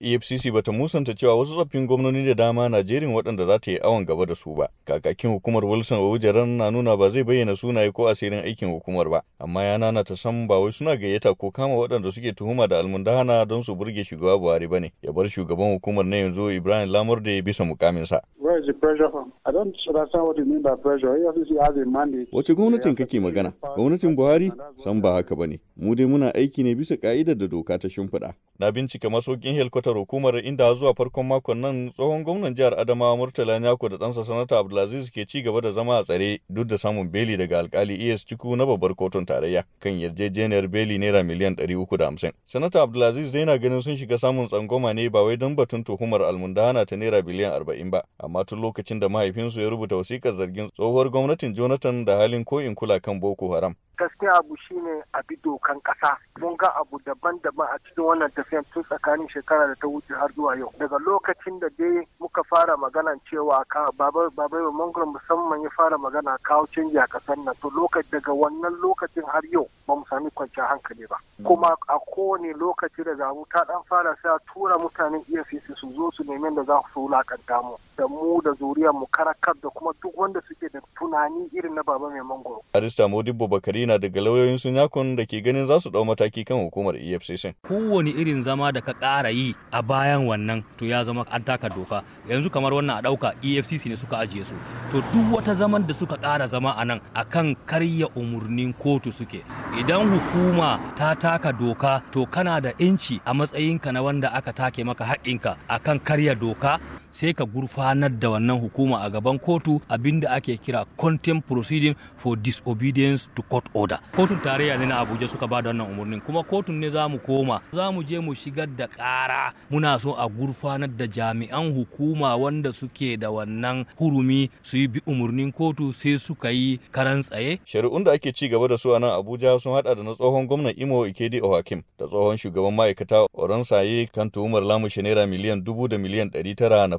efcc ba ta musanta cewa wasu tsoffin gwamnoni da dama na jerin waɗanda za ta yi awon gaba da su ba kakakin hukumar wilson wujeren na nuna ba zai bayyana sunaye ko asirin aikin hukumar ba amma ya nana ta san ba wai suna gayyata ko kama waɗanda suke tuhuma da almundahana don su burge shugaba buhari ba ne ya bar shugaban hukumar na yanzu ibrahim lamar da ya bisa mukaminsa Where is the pressure from? I don't understand what you mean by pressure. AFCC has a mandate. Wace gwamnatin kake magana? Gwamnatin Buhari? San ba haka bane. Mu dai muna aiki ne bisa ka'idar da doka ta shimfiɗa. Na bincika masokin helkwatar hukumar inda zuwa farkon makon nan tsohon gwamnan jihar Adamawa Murtala Nyako da ɗansa sanata Abdulaziz ke ci gaba da zama a tsare duk da samun beli daga alkali ES Ciku na babbar kotun tarayya kan yarjejeniyar beli naira miliyan 350. Sanata Abdulaziz dai na ganin sun shiga samun tsangwama ne ba wai don batun tuhumar almundana ta naira biliyan 40 ba, amma amma tun lokacin da mahaifinsu ya rubuta wasikar zargin tsohuwar gwamnatin Jonathan da halin koyin kula kan Boko Haram. Gaskiya abu shine a bi dokan ƙasa. Mun ga abu daban-daban a cikin wannan tafiyan tun tsakanin shekara da ta wuce har zuwa yau. Daga lokacin da dai suka fara magana cewa baba wa babai musamman ya fara magana kawo canji a kasar nan to lokaci daga wannan lokacin har yau ba mu sami kwanciyar hankali ba mm. kuma a kowane lokaci da zamu ta dan fara sai a tura mutanen EFCC su zo su nemi da za su wulakanta mu da mu da zuriya mu karakar da kuma duk wanda suke da tunani irin na baba mai mangoro. Arista Modibo Bakari na daga lauyoyin sun yakun da ke ganin za su dau mataki kan hukumar EFCC. Kowane irin zama da ka kara yi a bayan wannan to ya zama an taka doka yanzu kamar wannan a ɗauka efcc ne suka ajiye su to duk wata zaman da suka ƙara zama a nan akan karya umarnin kotu suke idan hukuma ta taka doka to kana da inci a matsayinka na wanda aka take maka haƙƙinka akan karya doka sai ka gurfanar da wannan hukuma a gaban kotu abinda ake kira contempt proceeding for disobedience to court order kotun tarayya ne na abuja suka ba da wannan umarnin kuma kotun ne za mu koma za mu je mu shigar da kara muna so a gurfanar da jami'an hukuma wanda suke da wannan hurumi su yi bi umarnin kotu sai suka yi karan tsaye shari'un da ake ci gaba da su a nan abuja sun hada da na tsohon gwamnan imo ikedi ohakim da tsohon shugaban ma'aikata oransaye yi kan tuhumar lamushe naira miliyan dubu da miliyan ɗari tara na